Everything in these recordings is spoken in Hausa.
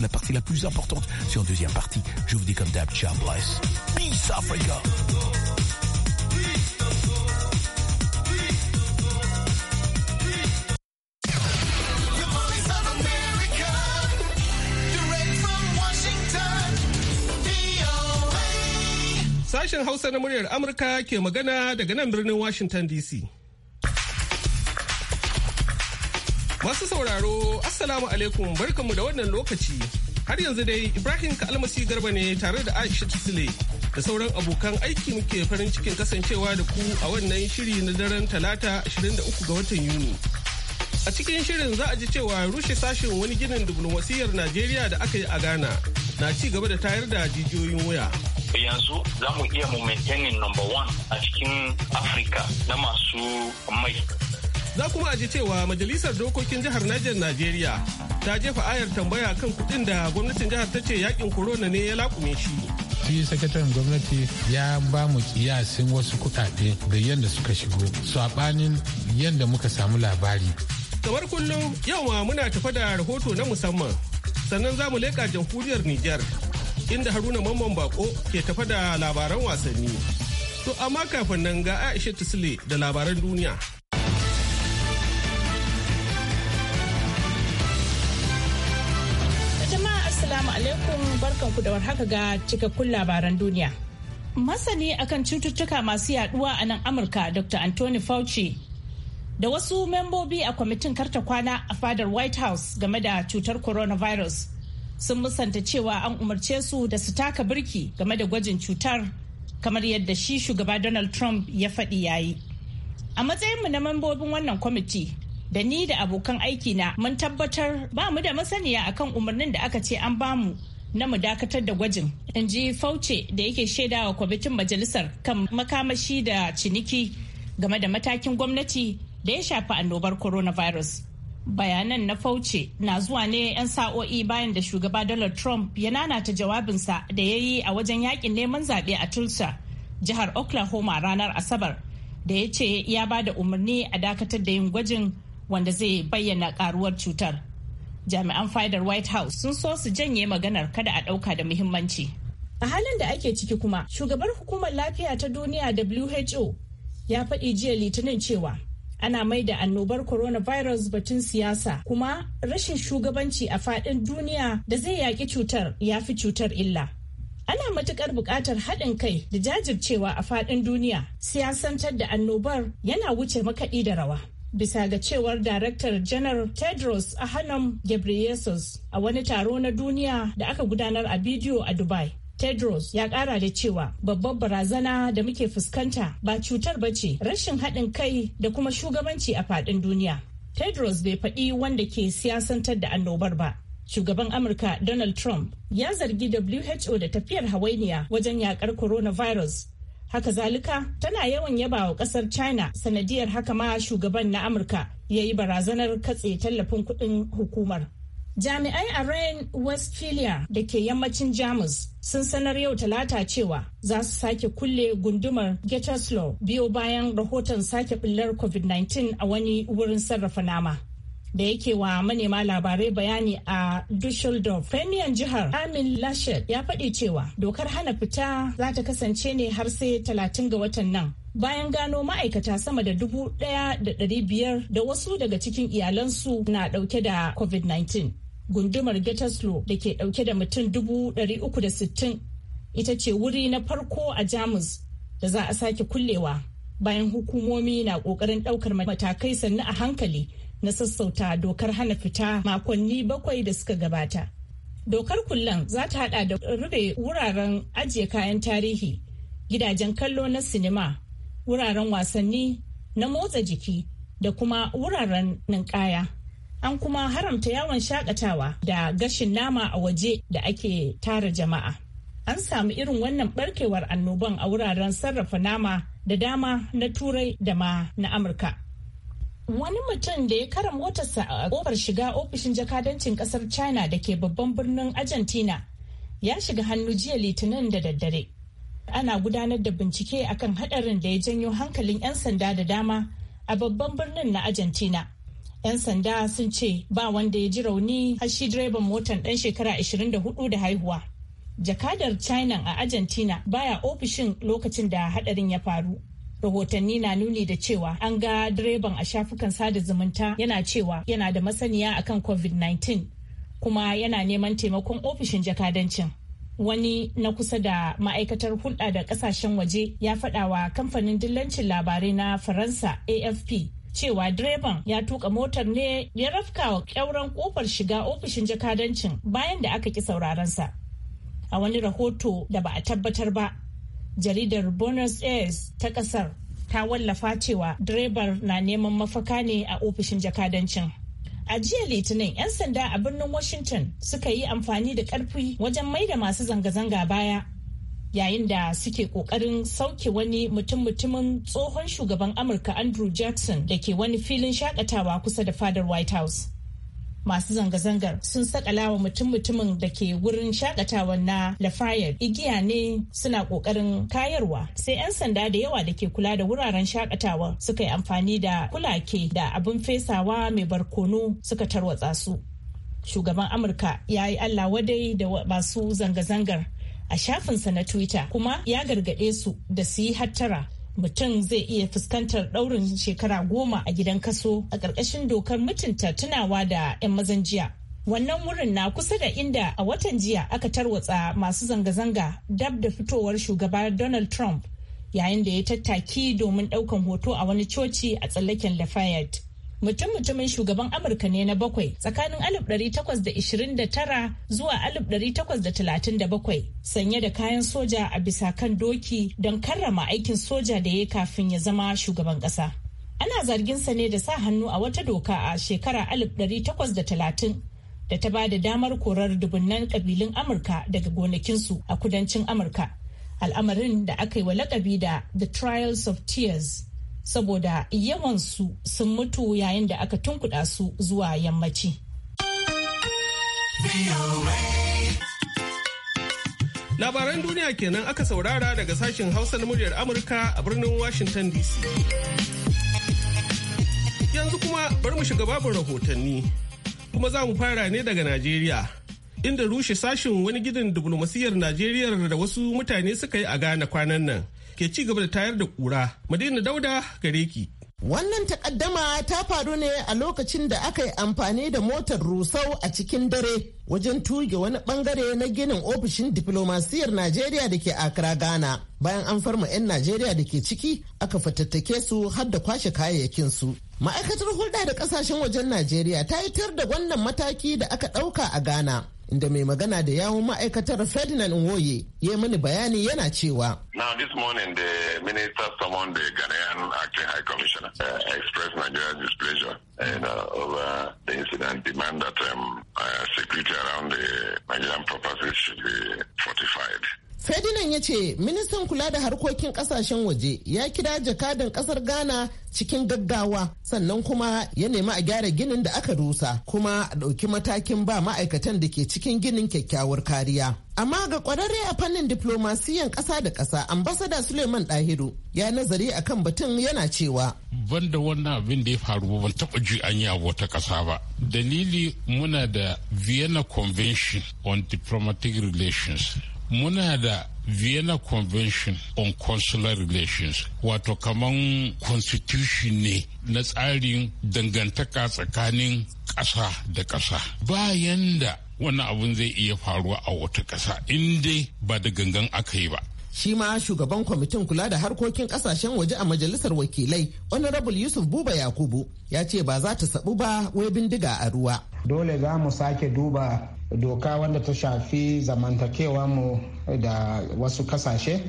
la partie la plus importante. Sur en deuxième partie, je vous dis comme d'hab, ciao, bless. Peace Africa. Sashen Hausa na muryar Amurka ke magana daga nan birnin Washington DC. Masu sauraro, Assalamu alaikum barkanmu da wannan lokaci. Har yanzu dai Ibrahim Kalmasi Garba ne tare da Aisha Tisle da sauran abokan aiki muke farin cikin kasancewa da ku a wannan shiri na daren talata 23 ga watan Yuni. A cikin shirin za a ji cewa rushe sashen wani ginin diflomasiyyar Najeriya da aka yi a Ghana na ci gaba da tayar da jijiyoyin waya yanzu za mu iya mu maintaining number one a cikin afirka na masu mai Za kuma a cewa Majalisar Dokokin Jihar Niger Najeriya ta jefa ayar tambaya kan kuɗin da gwamnatin jihar ta ce yakin korona ne ya lakume shi. shi sakataren gwamnati ya ba mu kiyasin wasu kuɗaɗe da yadda suka shigo saɓanin yadda muka samu labari. kamar kullum yau ma muna tafa da rahoto na musamman sannan za mu leƙa jamhuriyar Nijar inda Haruna Mamman Bako ke tafa da labaran wasanni. To amma kafin nan ga Aisha Tisle da labaran duniya. alaikum ku da haka ga cikakkun labaran duniya. Masani akan cututtuka masu yaduwa a nan Amurka Dr. Anthony Fauci da wasu membobi a kwamitin karta kwana a fadar White House game da cutar coronavirus sun musanta cewa an umarce su da su taka birki game da gwajin cutar kamar yadda shi shugaba Donald Trump ya faɗi yayi. A matsayinmu na membobin wannan kwamiti da ni da abokan aiki na mun tabbatar ba mu da masaniya akan umarnin da aka ce an bamu na mu dakatar da gwajin in ji fauce da yake shaidawa kwamitin majalisar kan makamashi da ciniki game da matakin gwamnati da ya shafi annobar coronavirus bayanan na fauce na zuwa ne 'yan sa'o'i bayan da shugaba donald trump ya nanata jawabinsa da ya yi a wajen yakin neman zaɓe a tulsa jihar oklahoma ranar asabar da ya ce ya ba da umarni a dakatar da yin gwajin wanda zai bayyana karuwar cutar jami'an fadar white house sun so su janye maganar kada a ɗauka da muhimmanci a halin da ake ciki kuma shugabar hukumar lafiya ta duniya who ya faɗi jiya litinin cewa ana mai da annobar coronavirus batun siyasa kuma rashin shugabanci a faɗin duniya da zai yaƙi cutar ya fi cutar illa ana matuƙar buƙatar haɗin kai da jajircewa a faɗin duniya siyasantar da annobar yana wuce makaɗi da rawa bisa ga cewar Daraktar Janar Tedros Ahanam Ghebreyesus a wani taro na duniya da aka gudanar a bidiyo a Dubai. Tedros ya kara da cewa babbar barazana da muke fuskanta ba cutar ba ce rashin haɗin kai da kuma shugabanci a faɗin duniya. Tedros bai faɗi wanda ke siyasantar da annobar ba. Shugaban Amurka Donald Trump ya zargi WHO da tafiyar hawainiya wajen yakar coronavirus Haka zalika tana yawan yaba wa kasar China sanadiyar haka ma shugaban na Amurka ya yi barazanar katse tallafin kudin hukumar. Jami'ai a rain Westphalia da ke yammacin Jamus sun sanar yau talata cewa za su sake kulle gundumar Gettysburg biyo bayan rahoton sake bullar COVID-19 a wani wurin sarrafa nama. da yake wa manema labarai bayani a Dusseldorf. Premier jihar Amin Laschet ya faɗi cewa dokar hana fita za ta kasance ne har sai talatin ga watan nan. Bayan gano ma'aikata sama da dubu ɗaya da ɗari biyar da wasu daga cikin iyalansu na ɗauke da COVID-19. Gundumar Gettyslo da ke ɗauke da mutum dubu ɗari uku da sittin ita ce wuri na farko a Jamus da za a sake kullewa bayan hukumomi na ƙoƙarin ɗaukar matakai sannu a hankali na sassauta dokar hana fita makonni bakwai da suka gabata. Dokar kullan za ta hada da rufe wuraren ajiye kayan tarihi, gidajen kallo na sinima, wuraren wasanni na motsa jiki da kuma wuraren ninkaya. An kuma haramta yawon shakatawa da gashin nama a waje da ake tara jama'a. An samu irin wannan barkewar annoban a wuraren sarrafa nama da dama na turai da ma na Amurka. wani mutum da ya kara motarsa a kofar shiga ofishin jakadancin kasar china da ke babban birnin argentina ya shiga hannu jiya litinin da daddare ana gudanar da bincike akan hadarin da ya janyo hankalin 'yan sanda da dama a babban birnin na argentina 'yan sanda sun ce ba wanda ya ji rauni har shi direban motar dan shekara 24 da haihuwa jakadar china a argentina baya ofishin lokacin da hadarin ya faru rahotanni na nuni da cewa an ga direban a shafukan sada zumunta yana cewa yana da masaniya akan covid-19 kuma yana neman taimakon ofishin jakadancin wani na kusa da ma'aikatar hulɗa da ƙasashen waje ya faɗa wa kamfanin dillancin labarai na faransa afp cewa direban ya tuka motar ne ya rafka wa ƙyauren ƙofar shiga ofishin jakadancin bayan da aka ƙi saurarensa a wani rahoto da ba a tabbatar ba jaridar Buenos Aires ta kasar ta wallafa cewa direbar na neman mafaka ne a ofishin jakadancin. A jiya Litinin, 'yan sanda a birnin Washington suka yi amfani da ƙarfi wajen maida masu zanga-zanga baya yayin da suke ƙoƙarin sauke wani mutum-mutumin tsohon shugaban amurka andrew jackson da ke wani filin shakatawa kusa da fadar white house masu zanga-zangar sun sakalawa mutum-mutumin da ke wurin shakatawa na lafayette igiya ne suna kokarin kayarwa sai 'yan sanda da yawa da ke kula da wuraren shakatawa suka yi amfani da kulake da abin fesawa mai barkono suka tarwatsa su shugaban amurka ya yi allah wadai da masu zanga-zangar a shafinsa na twitter kuma ya gargade su da su yi hattara mutum zai iya fuskantar ɗaurin shekara goma a gidan kaso a ƙarƙashin dokar mutunta tunawa da 'yan mazan jiya. Wannan wurin na kusa da inda a watan jiya aka tarwatsa masu zanga-zanga dab da fitowar shugaba Donald Trump yayin da ya tattaki domin ɗaukan hoto a wani coci a tsallaken Lafayette. mutum-mutumin shugaban amurka ne na bakwai tsakanin 1829 zuwa 1837 sanye da kayan soja a bisa kan doki don karrama aikin soja da ya kafin ya zama shugaban ƙasa ana zarginsa ne da sa hannu a wata doka a shekara 1830 da ta ba da damar korar dubunnan kabilun amurka daga gonakinsu a kudancin amurka al'amarin da aka yi wa lakabi da the trials of tears saboda yawansu sun mutu yayin da aka tunkuda su zuwa yammaci. Labaran duniya kenan aka saurara daga sashen Hausa na muryar Amurka a birnin Washington DC. Yanzu kuma bari mu shiga babin rahotanni, kuma za mu fara ne daga Najeriya. inda rushe sashin wani gidan diplomasiyar Najeriya da wasu mutane suka yi a Ghana kwanan nan ke ci gaba da tayar da kura. Madina Dauda gare ki. Wannan takaddama ta faru ne a lokacin da aka yi amfani da motar rusau a cikin dare wajen tuge wani bangare na ginin ofishin diplomasiyar Najeriya da ke Accra Ghana. Bayan an farma 'yan Najeriya da ke ciki aka fatattake su har da kwashe kayayyakin su. Ma'aikatar hulɗa da ƙasashen wajen Najeriya ta yi tar da wannan mataki da aka ɗauka a Ghana. inda mai magana da yawun ma'aikatar Ferdinand Nwoye ya mini bayani yana cewa. Now this morning the minister summoned the Ghanaian acting high commissioner uh, expressed Nigeria's displeasure and, uh, over the incident demand that um, uh, security around the Nigerian properties should be fortified. Ferdinand ya ce ministan kula da harkokin kasashen waje ya kira jakadan kasar ghana cikin gaggawa sannan kuma ya nemi a gyara ginin da aka rusa kuma a ɗauki matakin ba ma'aikatan da ke cikin ginin kyakkyawar kariya amma ga kwararre a fannin diplomasiyan ƙasa da ƙasa ambasada suleiman dahiru ya nazari akan batun yana cewa ban da wannan abin da ya faru ba ban taɓa ji an yi a wata ƙasa ba dalili muna da vienna convention on diplomatic relations muna da vienna convention on consular relations wato kaman constitution ne na tsarin dangantaka tsakanin ƙasa da ƙasa bayan da wani abun zai iya faruwa a wata ƙasa inda ba da gangan aka yi ba shi ma shugaban kwamitin kula da harkokin kasashen waje a majalisar wakilai honorable yusuf buba yakubu ya ce ba za ta sabu ba wai bindiga a ruwa dole za mu sake duba doka wanda ta shafi zamantakewa mu da wasu kasashe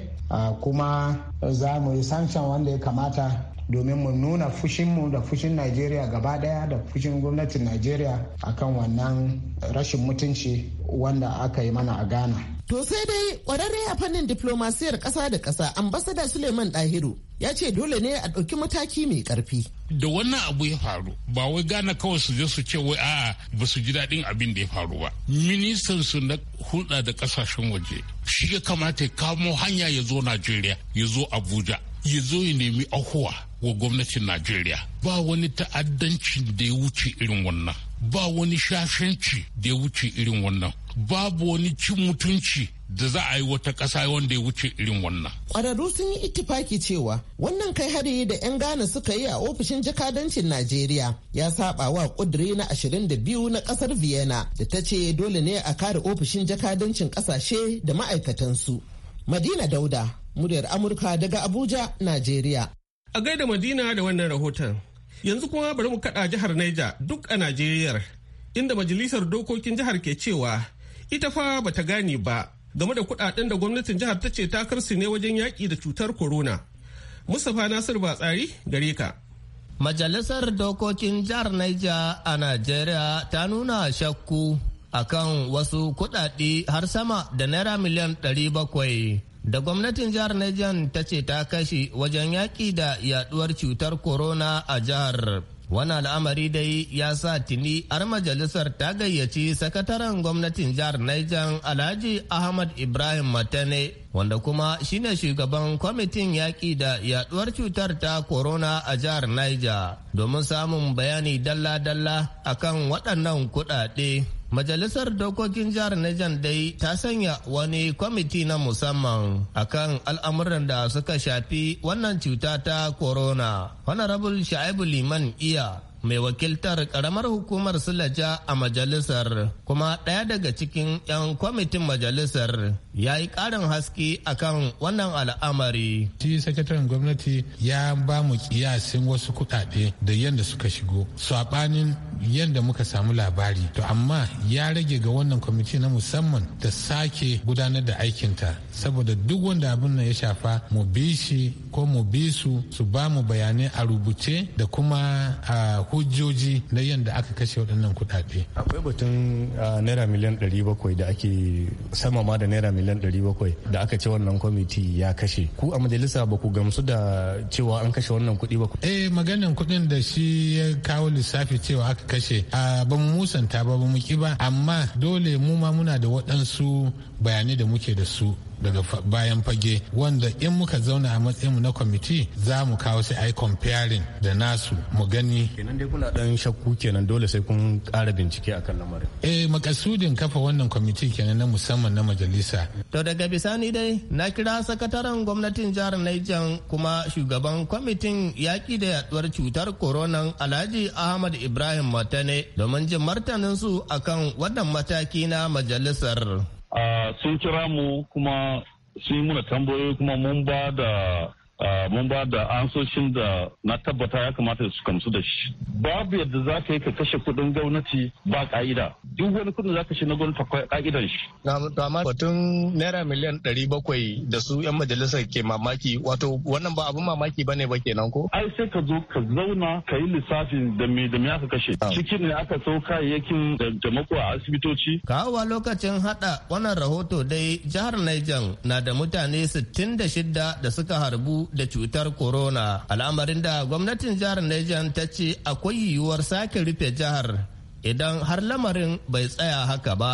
kuma za mu yi sancan wanda ya kamata domin mu nuna fushinmu da fushin najeriya gaba daya da fushin gwamnatin najeriya akan wannan rashin mutunci wanda aka yi mana a ghana To sai dai kwararre a fannin diplomasiyar ƙasa da ƙasa ambasada Suleiman Dahiru ya ce dole ne a ɗauki mataki mai ƙarfi. Da wannan abu ya faru ba wai gana kawai su je su ce wai a ba su ji daɗin abin da ya faru ba. Ministan su na hulɗa da ƙasashen waje shi ya kamata ya kamo hanya ya zo Najeriya ya zo Abuja ya zo ya nemi ahuwa. wa gwamnatin Najeriya. Ba wani ta'addanci da ya wuce irin wannan. Ba wani shashanci da ya wuce irin wannan. Babu wani cin mutunci da za a yi wata ƙasa wanda ya wuce irin wannan. Ƙwararru sun yi ittifaki cewa wannan kai hari da 'yan Ghana suka yi a ofishin jakadancin Najeriya ya saba wa ƙudiri na 22 na ƙasar Vienna da ta ce dole ne a kare ofishin jakadancin ƙasashe da ma'aikatansu. Madina Dauda, muryar Amurka daga Abuja, Najeriya. A gaida Madina da wannan rahoton. Yanzu kuma bari mu kaɗa jihar Niger duk a Najeriya inda majalisar dokokin jihar ke cewa ita fa bata gane ba game da kuɗaɗen da gwamnatin jihar ta ce ta karsu ne wajen yaƙi da cutar corona. Mustapha Nasir Batsari gare ka. Majalisar dokokin jihar Niger a Najeriya ta nuna shakku akan wasu kuɗaɗe har sama da naira miliyan 700 da gwamnatin jihar Niger ta ce ta kashe wajen yaƙi da yaduwar cutar corona a jihar. Wani al'amari dai ya sa tuni har majalisar ta gayyaci sakataren gwamnatin jihar Niger Alhaji Ahmad Ibrahim Matane wanda kuma shine shugaban kwamitin yaƙi da yaduwar cutar ta corona a jihar Niger domin samun bayani dalla-dalla akan waɗannan kuɗaɗe. Majalisar Dokokin Jihar nijan dai ta sanya wani kwamiti na musamman akan al'amuran da suka shafi wannan cuta ta corona. Honorable Sha'ibu Liman Iya mai wakiltar karamar hukumar Sulaja a majalisar kuma ɗaya daga cikin 'yan kwamitin majalisar ya yi ƙarin haske akan wannan al'amari. Shi sakataren gwamnati ya ba mu kiyasin wasu kuɗaɗe da yadda suka shigo. Saɓanin yadda muka samu labari to amma ya rage ga wannan kwamiti na musamman ta sake gudanar da aikinta saboda duk wanda abin nan ya shafa mu bi shi ko mu bi su su ba mu bayanai a rubuce da kuma a hujjoji na yadda aka kashe waɗannan kuɗaɗe. akwai batun naira miliyan ɗari bakwai da ake sama ma da naira miliyan ɗari bakwai da aka ce wannan kwamiti ya kashe ku a majalisa ba ku gamsu da cewa an kashe wannan kuɗi ba. eh maganin kuɗin da shi ya kawo lissafi cewa aka kashe a ban musanta ba ba mu ki ba amma dole mu ma muna da waɗansu bayanai da muke da su daga bayan fage wanda in muka zauna a matsayinmu na kwamiti za mu kawo sai ai comparing da nasu mu gani kenan dai kuna dan shakku kenan dole sai kun ƙara bincike akan lamarin eh makasudin kafa wannan kwamiti kenan na musamman na majalisa to daga bisani dai na kira sakataren gwamnatin jihar Niger kuma shugaban kwamitin yaki da yaduwar cutar corona Alhaji Ahmad Ibrahim Matane domin jin martaninsu su akan wannan mataki na majalisar Ah, sun kira mu kuma sun yi muna tambayoyi kuma mun ba da Ah, mun ba da ansoshin da na tabbata ya kamata su kamsu da shi babu yadda za ka yi ka kashe kudin gwamnati ba ka'ida duk wani kudin za ka shi na gwamnati akwai ka'idan shi Na amma batun naira miliyan ɗari bakwai da su yan majalisar ke mamaki wato wannan ba abun mamaki bane ba kenan ko ai sai ka zo ka zauna ka yi lissafin da me da me aka kashe ah. cikin ne aka sau kayayyakin da a asibitoci kawowa lokacin hada wannan rahoto dai jihar Niger na da mutane 66 da suka harbu da cutar corona al'amarin da gwamnatin jihar Niger ta ce akwai yiwuwar sake rufe jihar idan har lamarin bai tsaya haka ba.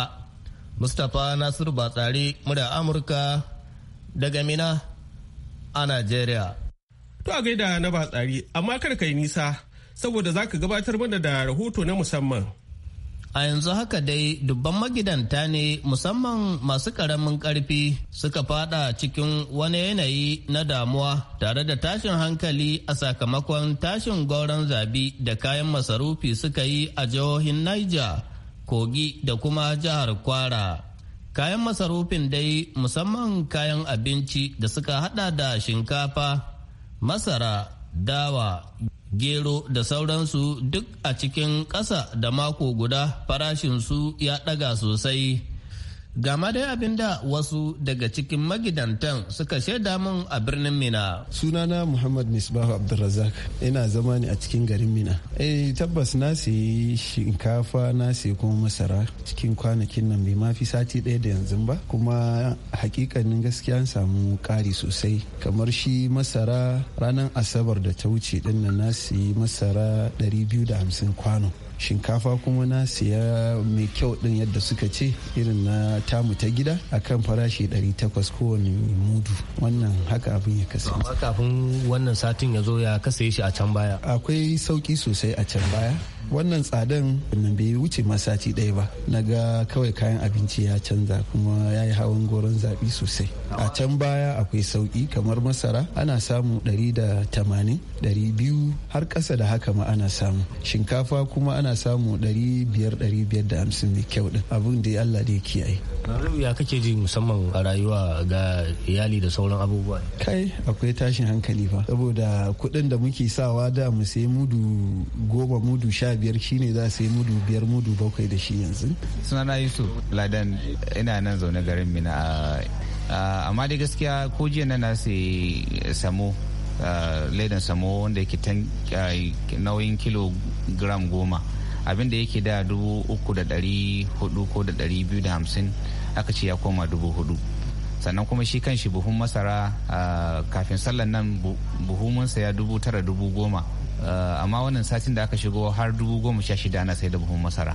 Mustapha Nasiru Batsari da Amurka daga Mina a Najeriya. To a gaida na Batsari amma kar kai nisa saboda za ka gabatar mana da rahoto na musamman. A yanzu haka dai dubban magidanta ne musamman masu karamin ƙarfi suka fada cikin wani yanayi na damuwa tare da tashin hankali a sakamakon tashin gauran zabi da kayan masarufi suka yi a jihohin Niger, Kogi da kuma jihar Kwara. Kayan masarufin dai musamman kayan abinci da suka hada da shinkafa, masara, dawa, gero da sauransu duk a cikin ƙasa da mako guda farashinsu ya ɗaga sosai Gama dai abin da wasu daga cikin magidantan suka shaida mun a birnin Mina. Sunana Muhammad Misbahu Abdulrazak ina zama ne a cikin garin Mina. Eh tabbas na sayi shinkafa na sayi kuma masara cikin kwanakin nan bai mafi sati ɗaya da yanzu ba kuma hakikanin gaskiya an samu ƙari sosai kamar shi masara ranar asabar da ta wuce ɗin na sayi masara 250 kwano shinkafa kuma na siya mai kyau din yadda suka ce irin na tamu ta gida akan farashi 800 kowane mudu wannan haka abin ya kasance amma kafin wannan satin ya zo ya kasa shi a can baya akwai sauki sosai a can baya wannan tsadan nan bai wuce ma sati ɗaya ba na ga kawai kayan abinci ya canza kuma ya yi hawan goron zaɓi sosai a can baya akwai sauƙi kamar masara ana samu 180 biyu har ƙasa da haka ma ana samu shinkafa kuma ana samu da hamsin mai kyau din abin da Allah da ya kiyaye ya kake ji musamman a rayuwa ga iyali da sauran abubuwa kai akwai tashin hankali ba saboda kuɗin da muke sawa da mu sai mudu goma mudu sha biyar shine za su yi mudu biyar mudu bakwai da shi yanzu sunana yusuf ladan ina nan zaune garin mina amma dai gaskiya ko jiya na na sai samo ledan samo wanda yake nauyin kilo gram goma abinda yake da dubu uku da dari hudu ko da dari biyu da hamsin aka ce ya koma dubu hudu sannan kuma shi kan shi buhun masara kafin sallan nan buhumunsa ya dubu tara dubu goma Eh, amma wannan satin da aka shigo har dubu goma sha shida ana sai da buhun masara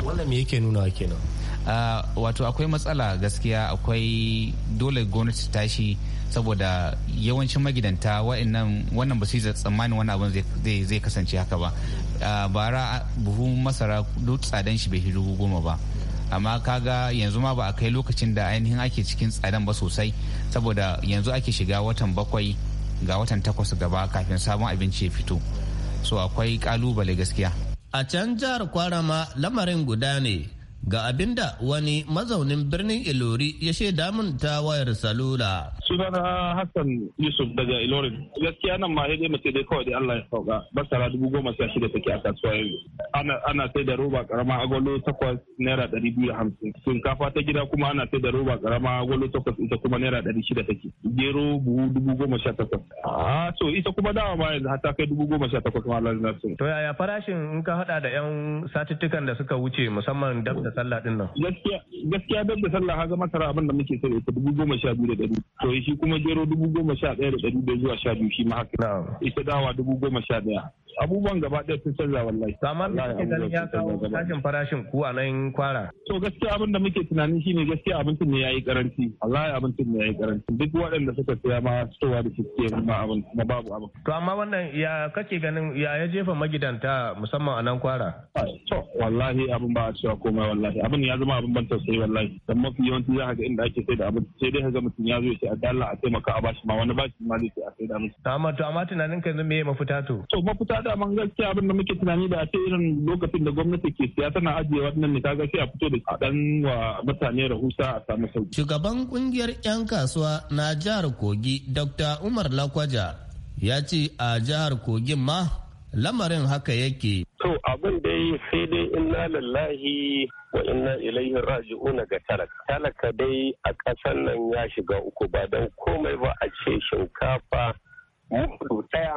wannan me yake nuna kenan eh, wato akwai matsala gaskiya akwai dole gwamnati tashi saboda yawancin magidanta wannan ba su yi tsammanin wani abin zai kasance haka ba eh, bara buhun masara duk tsadan shi bai dubu goma ba amma kaga yanzu ma ba a kai lokacin da ainihin ake cikin tsadan ba sosai saboda yanzu ake shiga watan bakwai ga watan takwas gaba kafin sabon abinci ya fito so akwai kalubale gaskiya a can jihar kwarama lamarin guda ne ga abinda wani mazaunin birnin ilori ya shaida mun ta wayar salula. sunana hassan yusuf daga ilorin gaskiya nan ma hede mace dai kawai da allah ya sauka basara dubu goma sha shida take a kasuwa yanzu ana sai da roba karama agwalo takwas naira dari biyu da hamsin shinkafa ta gida kuma ana sai da roba karama agwalo takwas ita kuma naira dari shida take gero buhu dubu goma sha takwas a ah, so ita kuma dawa ma yanzu hata ta kai dubu goma sha takwas ma lalina to yaya farashin in ka haɗa da yan satuttukan da suka wuce musamman dab da sallah din nan gaskiya dab da sallah haga masara abin da muke sai ita dubu goma sha biyu da ɗari to shi kuma gero dubu goma sha ɗaya da ɗari da zuwa sha biyu shi ma haka ita dawa dubu goma sha ɗaya abubuwan gaba ɗaya sun canza wallahi Samar da kake ganin ya kawo tashin farashin ku a nan kwara to gaskiya abin da muke tunanin ne gaskiya abincin ne ya yi karanci wallahi abincin ne ya yi karanci duk waɗanda suka siya ma fitowa da suke ma abin ma babu abin to amma wannan ya kake ganin ya ya jefa magidanta musamman a nan kwara to wallahi abin ba a cewa komai wallahi abin ya zama abin ban tausayi wallahi dan mafi yawanci za ka ga inda ake sai da abinci sai dai ka ga mutum ya zo ya ce a dalla a taimaka a bashi ma wani bashi ma zai ce a sai da abinci to amma tunanin ka me mafita to to mafita daman gaskiya abin da muke tunani da ta irin lokacin da gwamnati ke siya tana ajiye wannan ne kaga sai a fito da dan wa mutane rahusa a samu sauki. Shugaban kungiyar 'yan kasuwa na jihar Kogi Dr. Umar Lakwaja ya ce a jihar Kogin ma lamarin haka yake. To abin dai sai dai inna lallahi wa inna ilaihi raji'una ga talaka talaka dai a ƙasan nan ya shiga uku ba don komai ba a ce shinkafa ɗaya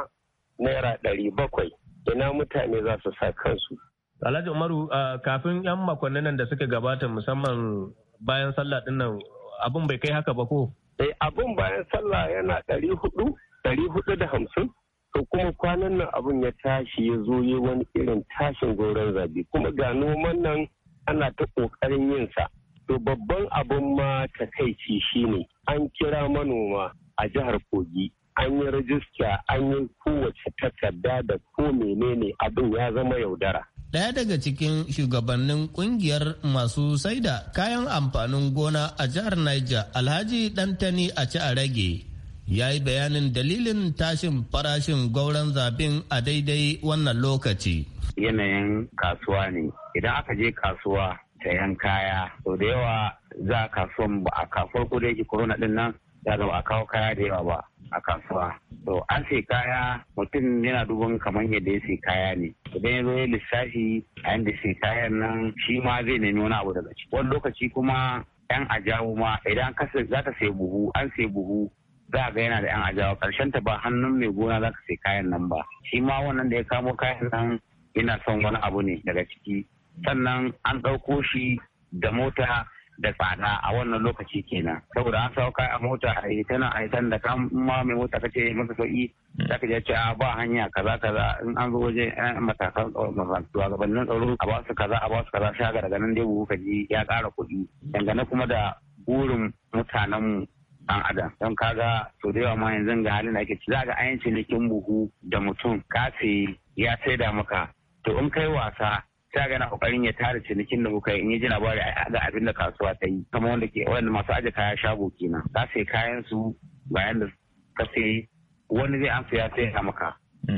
naira ɗari bakwai ina mutane za su sa kansu. Alhaji Umaru kafin 'yan makonnin nan da suka gabata musamman bayan sallah ɗin nan abin bai kai haka ba ko? Eh abin bayan sallah yana ɗari hudu, ɗari hudu da hamsin. To kuma kwanan nan abin ya tashi ya zo yi wani irin tashin goron zabi kuma ga noman nan ana ta ƙoƙarin yin sa To babban abin ma takaici shine an kira manoma a jihar Kogi an yi rajista an yi kowace takarda da ko menene abin ya zama yaudara. Daya daga cikin shugabannin kungiyar masu saida kayan amfanin gona a jihar Niger Alhaji Dantani a ci a rage ya yi bayanin dalilin tashin farashin gauran zabin a daidai wannan lokaci. Yanayin kasuwa ne, idan aka je kasuwa ta yan kaya, sau da yawa za a kasuwan ba a kasuwar kudai ki corona din nan ya zama a kawo kaya da yawa ba a kasuwa to an sai kaya mutum yana duban kamar yadda ya sai kaya ne idan ya zo ya lissafi a yadda sai kayan nan shi ma zai nemi wani abu daga ciki wani lokaci kuma yan ajawu ma idan za ka sai buhu an sai buhu za ga yana da yan ajawa karshen ta ba hannun mai gona za ka sai kayan nan ba shi ma wannan da ya kamo kayan nan yana son wani abu ne daga ciki sannan an ɗauko shi da mota da tsada a wannan lokaci kenan saboda an sauka a mota a tana a da kan mai mota ka ce masa sauki za ka ce a ba hanya kaza kaza in an zo waje matakan gabanin tsaro a ba su kaza a ba su kaza ga daga nan dai buhu ka ji ya kara kuɗi dangane kuma da burin mutanenmu dan adam don kaga to da yawa ma yanzu ga halin da ake ci za ga ayan cinikin buhu da mutum Kasi ya saida maka to in kai wasa sai ga yana kokarin ya tara cinikin da muka yi in ji labari ga abin da kasuwa ta yi kamar wanda ke wanda masu aje kaya shago kenan ka sai kayan su bayan da ka sai wani zai amsa ya sai ya maka to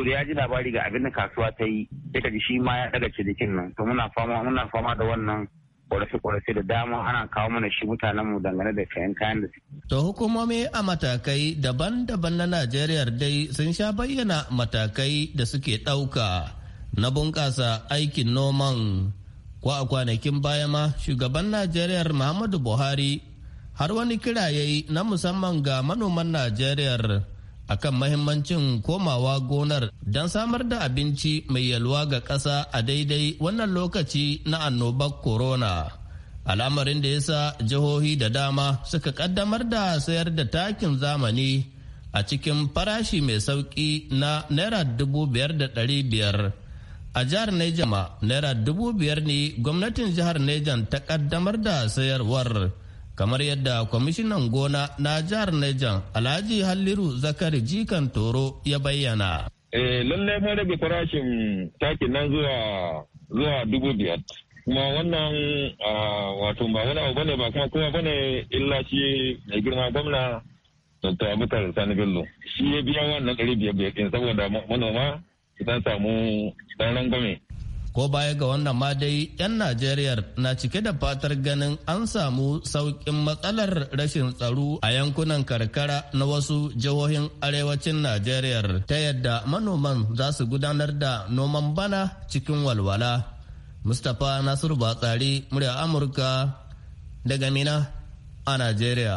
hmm. da ya ji labari ga abin da kasuwa ta yi sai ka ji shi ma ya daga cinikin nan to muna fama muna fama da wannan ƙorafe-ƙorafe da dama ana kawo mana shi mutanen mu dangane da kayan kayan da To hukumomi a matakai daban-daban na Najeriya dai sun sha bayyana matakai da suke ɗauka na bunƙasa aikin noman ko a kwanakin baya ma shugaban najeriya muhammadu buhari har wani kira ya yi na musamman ga manoman najeriya akan mahimmancin komawa gonar don samar da abinci mai yalwa ga ƙasa a daidai wannan lokaci na annobar corona al'amarin da ya sa jihohi da dama suka kaddamar da sayar da takin zamani a cikin farashi mai sauƙi na naira dubu biyar da ɗari biyar a jihar Niger ma naira dubu biyar ne gwamnatin jihar Niger ta kaddamar da sayarwar kamar yadda kwamishinan gona na jihar Niger Alhaji Halliru Zakari Jikan Toro ya bayyana. Eh lallai mun rage farashin takin nan zuwa zuwa dubu biyar. kuma wannan wato ba wani abu bane ba kuma kuma bane illa shi mai girma gwamna Dr. Abubakar Sani Bello shi ya biya wannan ɗari biyar biyar saboda manoma idan samu dan rangwame ko baya ga wannan ma dai 'yan najeriya na cike da fatar ganin an samu sauƙin matsalar rashin tsaro a yankunan karkara na wasu jihohin arewacin najeriya ta yadda manoman za su gudanar da noman bana cikin walwala mustapha nasiru batsari murya amurka daga mina a najeriya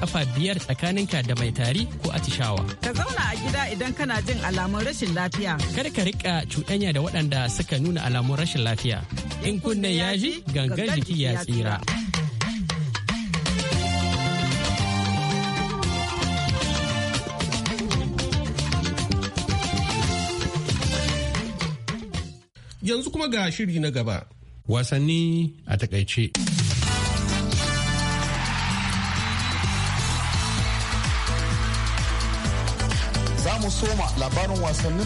kafa biyar tsakaninka da mai tari ko atishawa. Ka zauna a gida idan kana jin alamun rashin lafiya. Kar ka rika cuɗanya da waɗanda suka nuna alamun rashin lafiya. In kunne ya ji gangan jiki ya tsira. Yanzu kuma ga shiri na gaba. Wasanni a takaice. soma labarin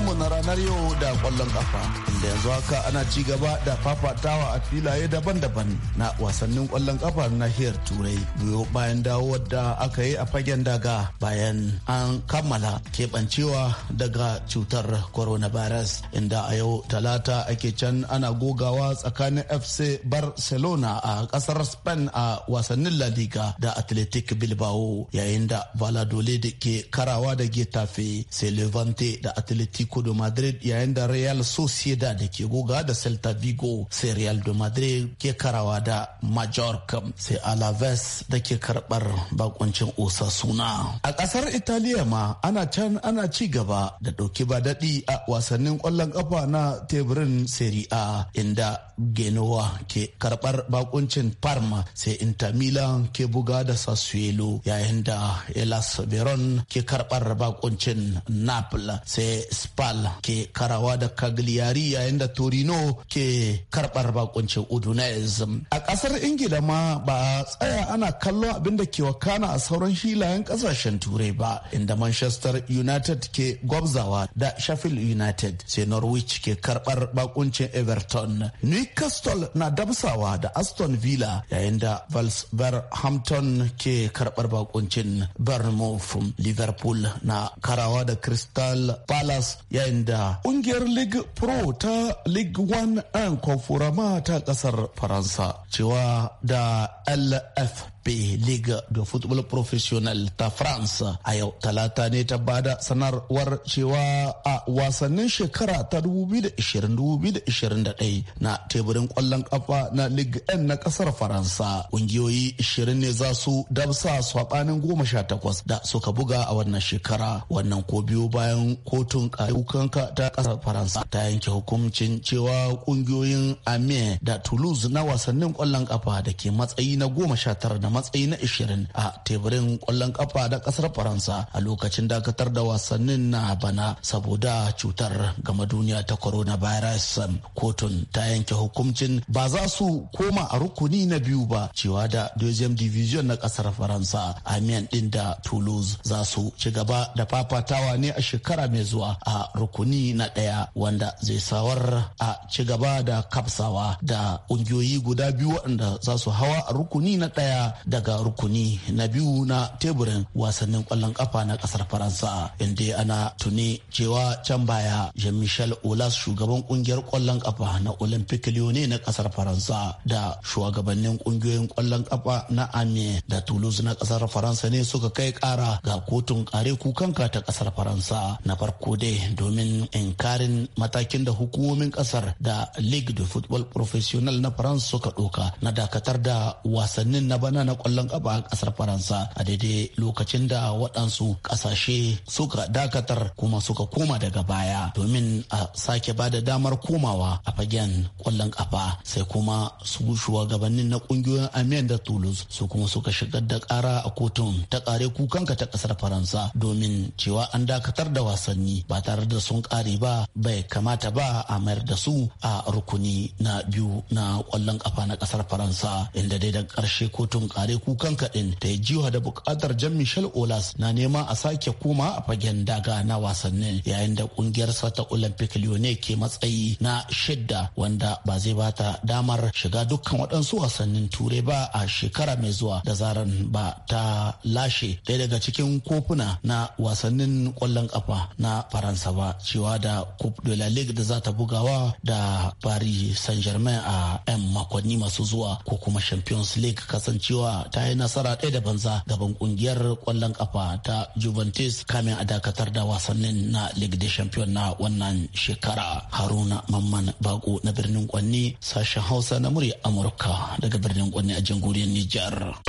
mu na ranar yau da kwallon kafa da yanzu haka ana ci gaba da fafatawa a filaye daban-daban na wasannin kwallon kafa na nahiyar turai biyo bayan dawo da aka yi a fagen daga bayan an kammala keɓancewa daga cutar coronavirus inda a yau talata ake can ana gogawa tsakanin fc barcelona a kasar spain a wasannin la liga da atletic bilbao yayin da valladolid ke karawa da getafe sai levante da atletico de madrid yayin da real sociedad da ke goga da celta vigo sai real de madrid ke karawa da mallorca sai alaves da ke karbar bakuncin suna. a kasar italiya ma ana can ana ci gaba da dauki ba daɗi a wasannin kwallon kafa na teburin serie a inda genoa ke karbar bakuncin parma sai inter milan ke buga da sassuelo yayin da elas veron ke karbar bakuncin na napoli sai spal ke karawa da cagliari yayin da torino ke karbar bakuncin udinese a kasar ingila ma ba tsaya ana kallo abin da ke wakana a sauran filayen kasashen turai ba inda manchester united ke gwabzawa da sheffield united sai norwich ke karbar bakuncin everton newcastle na dabsawa da aston villa yayin da wolverhampton ke karbar bakuncin bournemouth liverpool na karawa da chris crystal palace yayin da kungiyar league pro ta league one an konforama ta ƙasar faransa cewa da lf FP liga de Football Professionnel ta France a yau talata ne ta bada sanarwar cewa a wasannin shekara ta 2020-2021 na teburin kwallon kafa na Ligue 1 na kasar Faransa kungiyoyi 20 ne za su dabsa sha 18 da suka buga a wannan shekara wannan ko biyu bayan kotun kayukanka ta kasar Faransa ta yanke hukuncin cewa kungiyoyin Amiens da Toulouse na wasannin kwallon kafa da ke matsayi na 19 da matsayi na 20 a teburin kwallon kafa da kasar faransa a lokacin dakatar da wasannin na bana saboda cutar gama duniya ta coronavirus kotun ta yanke hukuncin ba za su koma a rukuni na biyu ba cewa da deuxième division na kasar faransa amiens din da toulouse za su ci gaba da fafatawa ne a shekara mai zuwa a rukuni na daya wanda zai sawar a ci gaba da kafsawa da ƙungiyoyi guda biyu waɗanda za su hawa a rukuni na ɗaya daga rukuni na biyu na teburin wasannin kwallon kafa na kasar faransa inda ana tuni cewa can baya jean michel olas shugaban kungiyar kwallon kafa na olympic lyon na kasar faransa da shugabannin kungiyoyin kwallon kafa na amiens da toulouse na kasar faransa ne suka kai kara ga kotun kare kukanka ta kasar faransa na farko dai domin inkarin matakin da hukumomin kasar da league de football professional na faransa suka doka na dakatar da wasannin na bana na na kwallon kafa a kasar faransa a daidai lokacin da waɗansu ƙasashe suka dakatar kuma suka koma daga baya domin a sake ba da damar komawa a fagen kwallon kafa sai kuma su gabanin na ƙungiyoyin amiyan da tulus su kuma suka shigar da ƙara a kotun ta ƙare kukanka ta kasar faransa domin cewa an dakatar da wasanni ba tare da sun ƙare ba bai kamata ba a mayar da su a rukuni na biyu na kwallon kafa na ƙasar faransa inda dai da ƙarshe kotun ƙare saurare kukan kaɗin ta yi jiwa da buƙatar jan michel olas na nema a sake koma a fagen daga na wasannin yayin da ƙungiyarsa ta olympic lyonnais ke matsayi na shidda wanda ba zai bata damar shiga dukkan waɗansu wasannin turai ba a shekara mai zuwa da zaran ba ta lashe ɗaya daga cikin kofuna na wasannin ƙwallon kafa na faransa ba cewa da coupe de la ligue da za ta bugawa da paris saint germain a 'yan makonni masu zuwa ko kuma champions league kasancewa ta yi nasara ɗaya da banza gaban kungiyar kwallon kafa ta Juventus kamin a dakatar da wasannin na league de champion na wannan shekara. Haruna Mamman Bako na birnin Kwanni sashen Hausa na murya Amurka daga birnin Kwanni a jamhuriyar Nijar.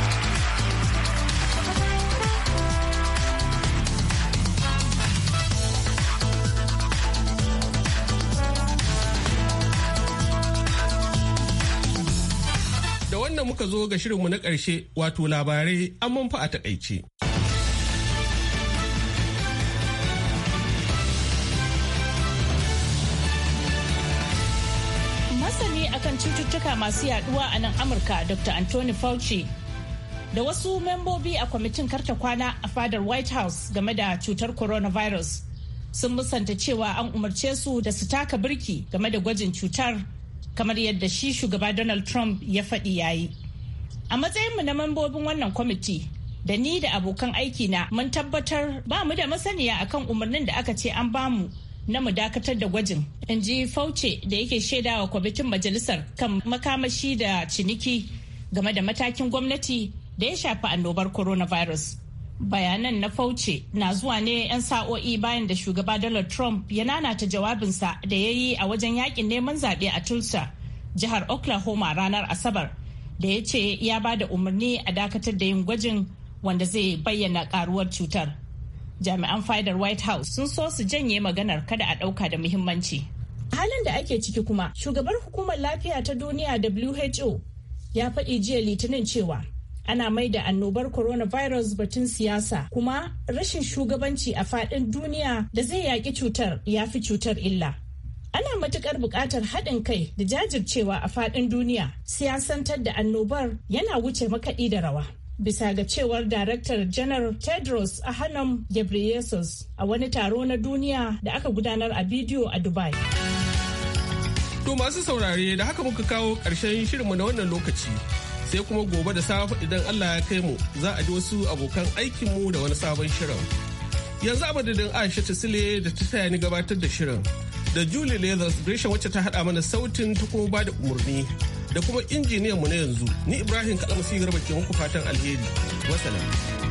muka zo ga shirinmu na ƙarshe wato labarai an manfa a takaice. Masani akan cututtuka masu yaduwa a nan Amurka Dr. Anthony Fauci da wasu membobi a kwamitin karta kwana a fadar White House game da cutar coronavirus sun musanta cewa an umarce su da su taka birki game da gwajin cutar kamar yadda shi shugaba Donald Trump ya faɗi yayi. A matsayinmu na mambobin wannan kwamiti da ni da abokan aiki na mun tabbatar ba mu da masaniya akan umarnin da aka ce an bamu na mu dakatar da gwajin in ji fauce da yake shaidawa kwamitin majalisar kan makamashi da ciniki game da matakin gwamnati da ya shafi annobar coronavirus bayanan na fauce na zuwa ne 'yan sa'o'i bayan da shugaba donald trump ya nanata jawabinsa da ya yi a wajen yakin neman zaɓe a tulsa jihar oklahoma ranar asabar da ya ce ya ba da umarni a dakatar da yin gwajin wanda zai bayyana karuwar cutar jami'an fadar white house sun so su janye maganar kada a ɗauka da muhimmanci halin da ake ciki kuma shugabar hukumar lafiya ta duniya who ya faɗi jiya litinin cewa ana mai da annobar coronavirus batun siyasa kuma rashin shugabanci a faɗin duniya da zai yaƙi cutar ya fi cutar illa. Ana matukar buƙatar haɗin kai da jajircewa a faɗin duniya siyasantar da annobar yana wuce makaɗi da rawa. bisa ga cewar Daraktar Janar Tedros Adhanom Ghebreyesus a wani taro na duniya da aka gudanar a bidiyo a Dubai. To masu saurare da haka muka kawo ƙarshen shirinmu na wannan lokaci. sai kuma gobe da safe idan Allah ya kai mu za a ji wasu abokan aikin mu da wani sabon shirin. Yanzu abadadin Aisha Sile da ta taya ni gabatar da shirin da Julie Leathers Gresham wacce ta haɗa mana sautin ta kuma ba da umarni da kuma injiniyan mu na yanzu ni Ibrahim Kalamusi Garba ke muku fatan alheri. Wasalam.